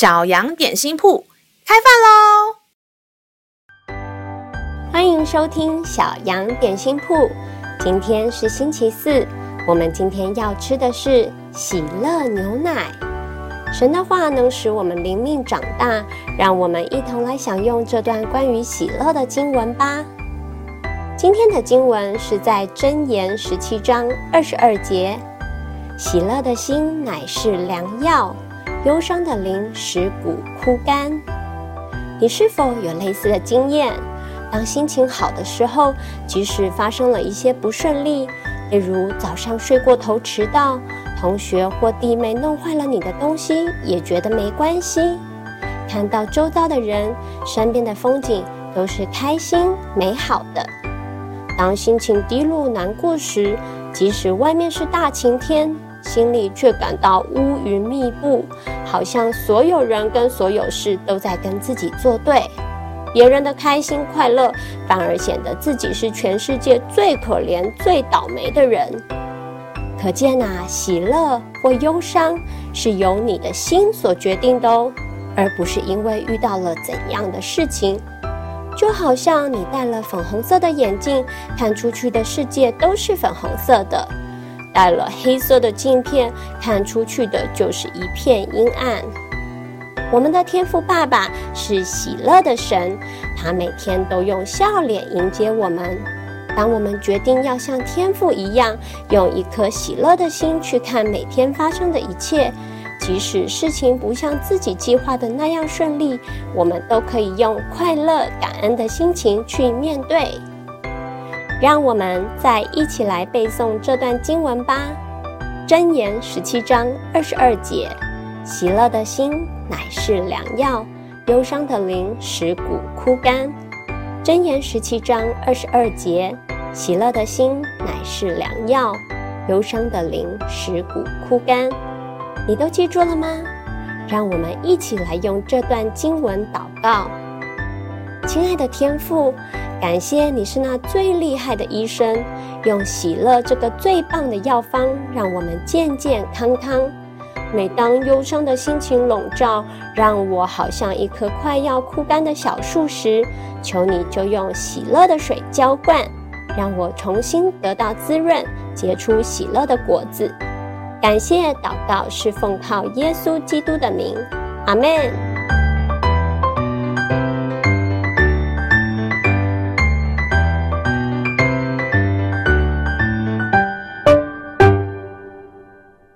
小羊點心鋪開飯嘍！歡迎收聽小羊點心鋪。今天是星期四，我們今天要吃的是喜樂牛奶。神的話能使我們靈命長大，讓我們一同來享用這段關於喜樂的經文吧。今天的經文是在箴言十七章二十二節：“喜樂的心乃是良藥。”憂傷的靈使骨枯乾。你是否有類似的經驗？當心情好的時候，即使發生了一些不順利，例如早上睡過頭遲到，同學或弟妹弄壞了你的東西，也覺得沒關係。看到周遭的人、身邊的風景都是開心美好的。當心情低落、難過時，即使外面是大晴天。心裡卻感到烏雲密布，好像所有人跟所有事都在跟自己作對。別人的開心快樂反而顯得自己是全世界最可憐、最倒霉的人。可見啊，喜樂或憂傷是由你的心所決定的哦，而不是因為遇到了怎樣的事情。就好像你戴了粉紅色的眼鏡，看出去的世界都是粉紅色的。戴了黑色的鏡片，看出去的就是一片陰暗。我們的天父爸爸是喜樂的神，他每天都用笑臉迎接我們。當我們決定要像天父一樣，用一顆喜樂的心去看每天發生的一切，即使事情不像自己計劃的那樣順利，我們都可以用快樂感恩的心情去面對。讓我們再一起來背誦這段經文吧，《箴言十七章二十二節》，喜樂的心乃是良藥，憂傷的靈使骨枯乾。《箴言十七章二十二節》，喜樂的心乃是良藥，憂傷的靈使骨枯乾。你都記住了嗎？讓我們一起來用這段經文禱告。親愛的天父，感謝你是那最厲害的醫生，用喜樂這個最棒的藥方，讓我們健健康康。每當憂傷的心情籠罩，讓我好像一棵快要枯乾的小樹時，求你就用喜樂的水澆灌，讓我重新得到滋潤，結出喜樂的果子。感謝禱告，是奉靠耶穌基督的名，阿門。